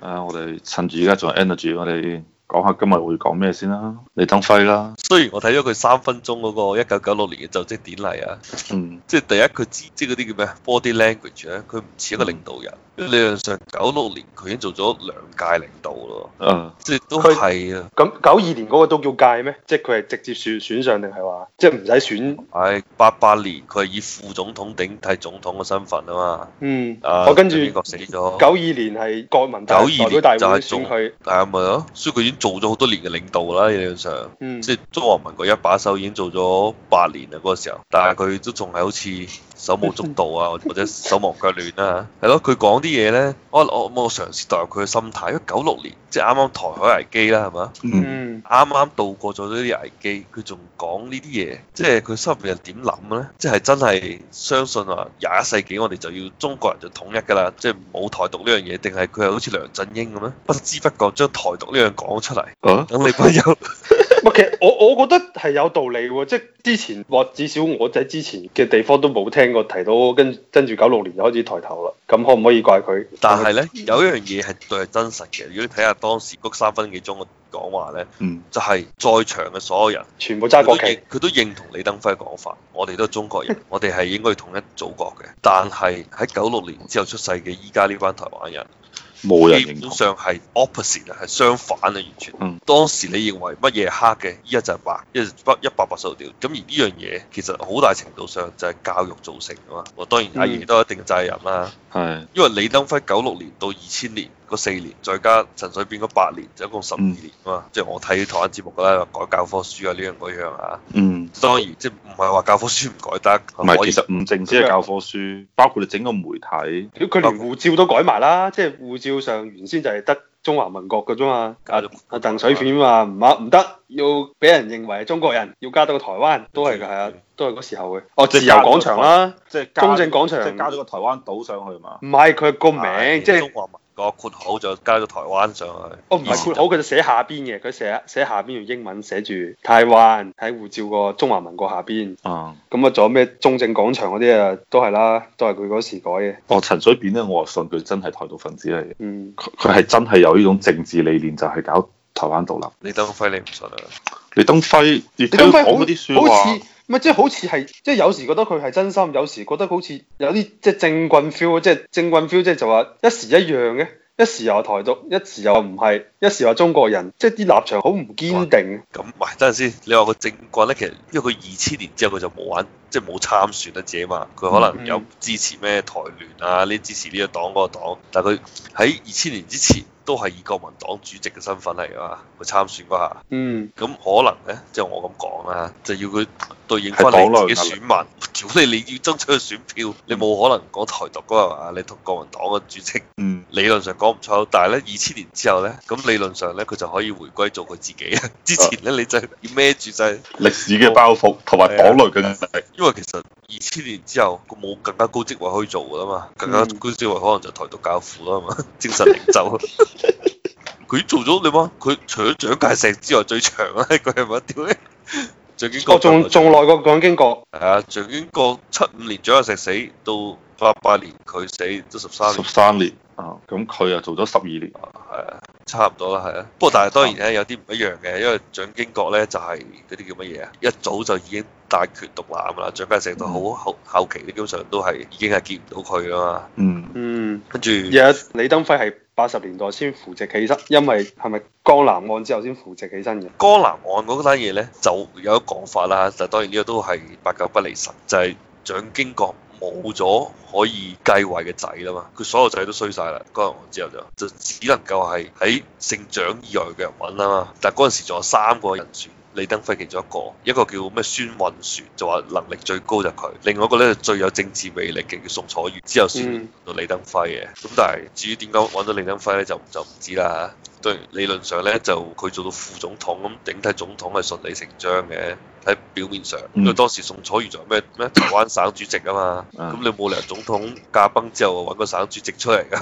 啊！Uh, 我哋趁住而家仲有 energy，我哋。講下今日會講咩先啦？李登輝啦，雖然我睇咗佢三分鐘嗰個一九九六年嘅就職典禮啊，嗯，即係第一佢知即係嗰啲叫咩？body language 咧，啊，佢唔似一個領導人。嗯、理論上九六年佢已經做咗兩屆領導咯，嗯，即係都係啊。咁九二年嗰個都叫屆咩？即係佢係直接選選上定係話，即係唔使選？係八八年佢係以副總統頂替總統嘅身份啊嘛。嗯，我、啊、跟住九二年係國民代表大，大，會大會選就選佢，係咪咯？所以佢。做咗好多年嘅領導啦，理論上，嗯、即係中華民國一把手已經做咗八年啦，嗰、那個時候，但係佢都仲係好似手舞足蹈啊， 或者手忙腳亂啊。係咯，佢講啲嘢呢，我我我，我嘗試代入佢嘅心態，因為九六年即係啱啱台海危機啦，係嘛，啱啱、嗯、度過咗呢啲危機，佢仲講呢啲嘢，即係佢心入邊係點諗嘅呢？即係真係相信話廿一世紀我哋就要中國人就統一㗎啦，即係冇台獨呢樣嘢，定係佢係好似梁振英咁咧，不知不覺將台獨呢樣講出嚟，哦、啊，等你朋友。其實我我覺得係有道理喎，即係之前或至少我喺之前嘅地方都冇聽過提到跟跟住九六年就開始抬頭啦。咁可唔可以怪佢？但係呢， 有一樣嘢係對係真實嘅，如果你睇下當時嗰三分幾鐘嘅講話咧，嗯、就係在場嘅所有人全部揸國旗，佢都，都認同李登輝嘅講法，我哋都係中國人， 我哋係應該要統一祖國嘅。但係喺九六年之後出世嘅依家呢班台灣人。冇人認同，基本上係 opposite 啊，係相反啊，完全。嗯、當時你認為乜嘢黑嘅，依家就係白，一，一百八十度調。咁而呢樣嘢其實好大程度上就係教育造成噶嘛。我當然阿爺、嗯、都有一定責任啦。係，是的 因為李登輝九六年到二千年。嗰四年，再加陳水扁嗰八年，就一共十五年啊嘛。即係我睇台灣節目咧，改教科書啊，呢樣嗰樣啊，嗯，當然即係唔係話教科書唔改得，唔係其實唔淨止係教科書，包括你整個媒體，佢連護照都改埋啦，即係護照上原先就係得中華民國嘅啫嘛。阿鄧水扁嘛。唔啱，唔得，要俾人認為中國人，要加到個台灣，都係㗎，係啊，都係嗰時候嘅。哦，自由廣場啦，即係中正廣場，即加咗個台灣島上去嘛。唔係佢個名，即係中個括號就加咗台灣上去，哦，唔係括號佢就寫下邊嘅，佢寫寫下邊用英文寫住台灣喺護照個中華民國下邊，啊咁啊仲有咩中正廣場嗰啲啊都係啦，都係佢嗰時改嘅。哦，陳水扁咧，我話信佢真係台獨分子嚟嘅。嗯，佢係真係有呢種政治理念就係搞台灣獨立。李登輝你唔信啊？李登輝你李登輝講嗰啲說話咪即係好似係，即係有時覺得佢係真心，有時覺得好似有啲即係政棍 feel 即係政棍 feel，即係就話一時一樣嘅，一時又台獨，一時又唔係，一時話中國人，即係啲立場好唔堅定。咁唔等陣先，你話個政棍咧，其實因為佢二千年之後，佢就冇玩。即係冇參選得、啊、嘅嘛，佢可能有支持咩台聯啊，呢支持呢個黨嗰個黨，但係佢喺二千年之前都係以國民黨主席嘅身份嚟㗎嘛，佢參選嗰下，嗯，咁可能呢，即係我咁講啦，就要佢對應翻你自己選民，如果你你要爭取選票，你冇可能講台獨嗰話啊，你同國民黨嘅主席，嗯，理論上講唔錯，但係呢，二千年之後呢，咁理論上呢，佢就可以回歸做佢自己、啊、之前呢，你就要孭住就係歷史嘅包袱同埋黨內嘅。因為其實二千年之後，佢冇更加高職位可以做噶啦嘛，更加高職位可能就台獨教父啦嘛，精神領袖。佢 做咗你啊？佢除咗蔣介石之外最長啦，佢係咪？屌，蔣經國、哦、仲仲耐過蔣、啊、經國。係啊，蔣經國七五年蔣介石死到。八八年佢死都十三年，十三年，年啊，咁佢又做咗十二年，係啊，差唔多啦，係啊。不過但係當然咧，有啲唔一樣嘅，因為蔣經國咧就係嗰啲叫乜嘢啊？一早就已經大權獨攬啦，蔣介石就好後、嗯、後期，基本上都係已經係見唔到佢噶嘛。嗯嗯，跟住着、嗯、而家李登輝係八十年代先扶植起身，因為係咪江南案之後先扶植起身嘅？江南案嗰單嘢咧，就有一講法啦，但係當然呢個都係八九不離十，就係、是、蔣經國。冇咗可以繼位嘅仔啦嘛，佢所有仔都衰晒啦，嗰陣，我之後就就只能夠係喺姓蔣以外嘅人搵啦嘛，但係嗰陣時仲有三個人選。李登輝其中一個，一個叫咩？孫運璿就話能力最高就佢，另外一個咧，最有政治魅力嘅叫宋楚瑜，之後先、嗯、到李登輝嘅。咁但係至於點解揾到李登輝咧，就就唔知啦嚇。對，理論上咧，就佢做到副總統，咁頂替總統係順理成章嘅，喺表面上。因為、嗯、當時宋楚瑜做咩咩台灣省主席啊嘛，咁、嗯、你冇理由總統駕崩之後揾個省主席出嚟噶，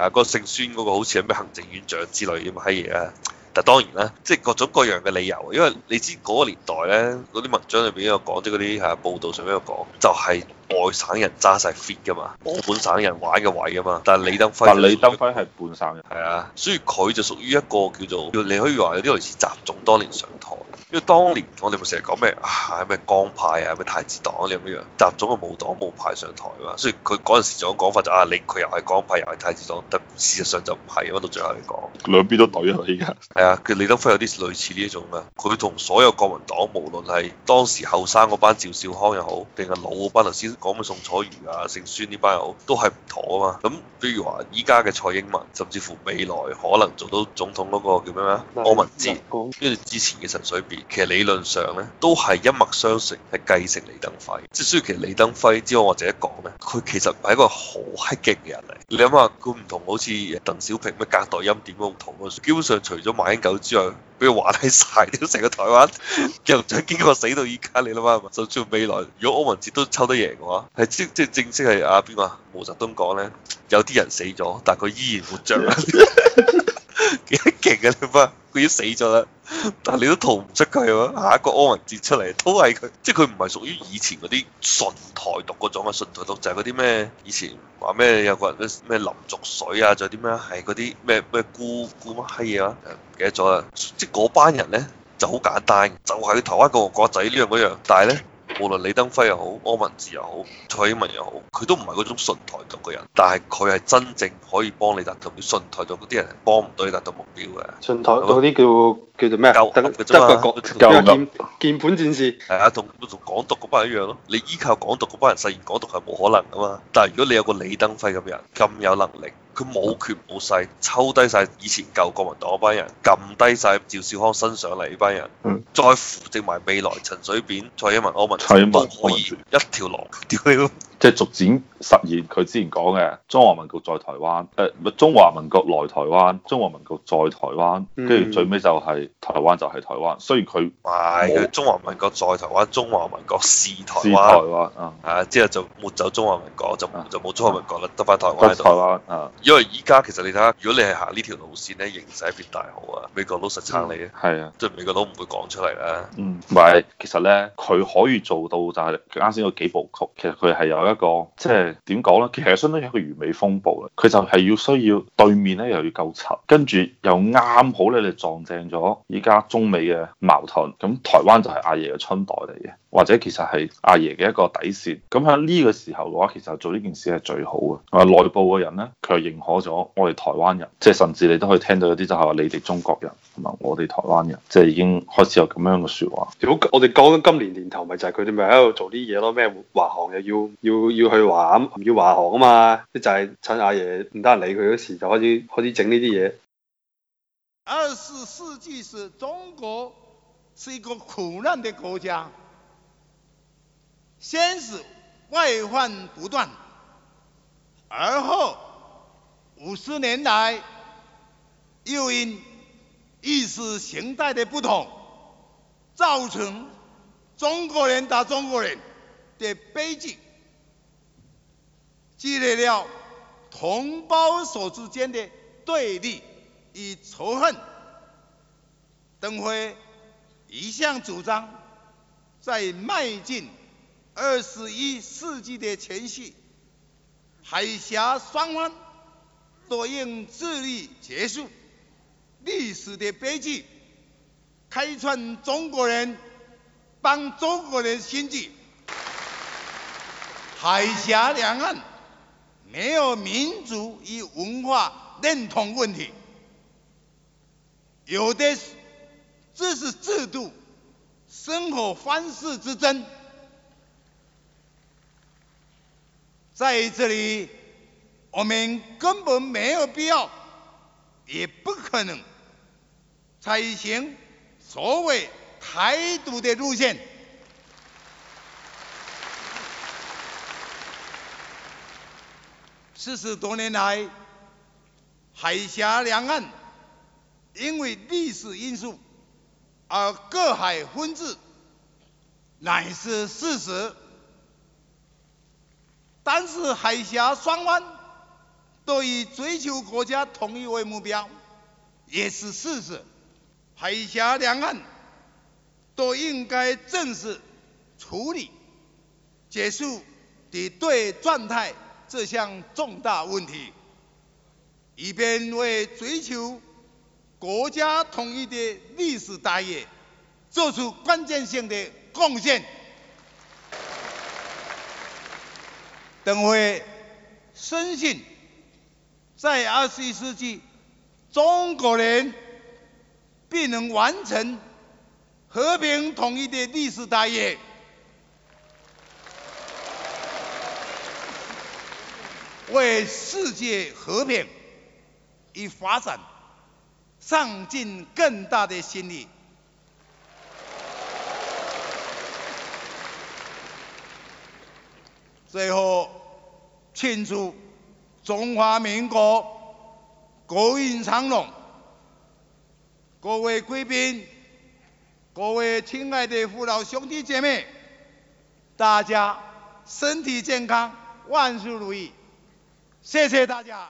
啊 個姓孫嗰個好似係咩行政院長之類咁閪嘢啊！但當然啦，即係各種各樣嘅理由，因為你知嗰個年代咧，嗰啲文章裏邊有講，即係嗰啲係報道上面有講，就係、是。外省人揸晒 fit 㗎嘛，本省人玩嘅位㗎嘛，但係李登輝，李登輝係半省人，係啊，所以佢就屬於一個叫做，你可以話有啲類似習總當年上台，因為當年我哋咪成日講咩啊咩江派啊咩太子黨、啊、你啲咁樣，習總嘅冇黨冇派上台嘛，所以佢嗰陣仲就講法就啊、啊你佢又係江派又係太子黨，但事實上就唔係，屈到最後嚟講，兩邊都懟啊依家，係啊，佢李登輝有啲類似呢種㗎，佢同所有國民黨無論係當時後生嗰班趙少康又好，定係老嗰班啊先。講乜宋楚瑜啊、姓孫呢班友都係唔妥啊嘛！咁譬如話依家嘅蔡英文，甚至乎未來可能做到總統嗰個叫咩咩柯文哲，跟住美之前嘅陳水扁，其實理論上咧都係一脈相承，係繼承李登輝。即係雖然其實李登輝之後我自己講咧，佢其實唔係一個好閪勁嘅人嚟。你諗下，佢唔同好似鄧小平咩隔代欽點嗰套，基本上除咗馬英九之外。佢玩起晒，你都成個台灣，又再經過死到依家，你諗下，甚至 未來，如果柯文哲都抽得贏嘅話，係即即正式係阿邊個毛澤東講咧，有啲人死咗，但佢依然活著。 勁嘅點啊！佢已經死咗啦，但係你都逃唔出佢喎。下一個柯文哲出嚟都係佢，即係佢唔係屬於以前嗰啲純台獨嗰種嘅純台獨，就係嗰啲咩以前話咩有個人咩林濁水啊，仲有啲咩係嗰啲咩咩辜辜乜閪嘢啊？唔記得咗啦。即係嗰班人咧就好簡單，就係、是、台灣國國仔呢樣嗰樣，但係咧。無論李登輝又好，柯文哲又好，蔡英文又好，佢都唔係嗰種純台獨嘅人，但係佢係真正可以幫你達到。信台獨嗰啲人幫唔到你達到目標嘅。信台嗰啲叫叫做咩？夠得個夠夠夠鍵盤戰士係啊，同同港獨嗰班一樣咯。你依靠港獨嗰班人實現港獨係冇可能噶嘛？但係如果你有個李登輝咁嘅人咁有能力。佢冇權冇勢，抽低晒以前舊國民黨嗰班人，撳低晒趙少康身上嚟呢班人，嗯、再扶植埋未來陳水扁蔡英文，我問都可以一條狼屌！ 即係逐漸實現佢之前講嘅中華民國在台灣，誒唔係中華民國來台灣，中華民國在台灣，跟住、嗯、最尾就係台灣就係台灣。雖然佢唔係嘅，中華民國在台灣，中華民國是台灣，係、啊啊、之後就抹走中華民國就就冇中華民國啦，得翻、啊、台灣。得台灣啊！因為依家其實你睇下，如果你係行呢條路線咧，形勢一片大好啊，美國都實撐你嘅。係、嗯、啊，即係美國都唔會講出嚟啦。嗯，唔係，其實咧佢可以做到，就係佢啱先有幾部曲，其實佢係有一。一個即係點講呢？其實相當於一個完美風暴啦。佢就係要需要對面咧，又要夠賊，跟住又啱好咧，你撞正咗依家中美嘅矛盾。咁台灣就係阿爺嘅春袋嚟嘅，或者其實係阿爺嘅一個底線。咁喺呢個時候嘅話，其實做呢件事係最好嘅。啊，內部嘅人呢，佢又認可咗我哋台灣人，即係甚至你都可以聽到有啲就係話你哋中國人同埋我哋台灣人，即係已經開始有咁樣嘅說話。如果我哋講緊今年年頭，咪就係佢哋咪喺度做啲嘢咯，咩華航又要要。要要去玩，唔要華航啊嘛，就係、是、趁阿爺唔得理佢嗰時，就開始開始整呢啲嘢。二十世紀時，中國是一個苦難的國家，先是外患不斷，而後五十年來又因意識形態的不同，造成中國人打中國人的悲劇。積累了同胞所之間的對立與仇恨，登輝一向主張，在邁進二十一世紀的前夕，海峽雙方都應致力結束歷史的悲劇，開創中國人幫中國人新紀。海峽兩岸。沒有民族與文化認同問題。有的只是知識制度、生活方式之爭。在這裡，我們根本沒有必要，也不可能，採行所謂台獨的路線。四十多年來，海峽兩岸因為歷史因素而隔海分治，乃是事實。但是海峽雙方都以追求國家統一為目標，也是事實。海峽兩岸都應該正視處理結束敵對狀態。這項重大問題，以便為追求國家統一的歷史大業作出關鍵性的貢獻。登輝深信，在二十一世紀，中國人必能完成和平統一的歷史大業。為世界和平與發展上進更大的心力。最後，慶祝中華民國國運昌隆。各位貴賓，各位親愛的父老兄弟姐妹，大家身體健康，萬事如意！謝謝大家。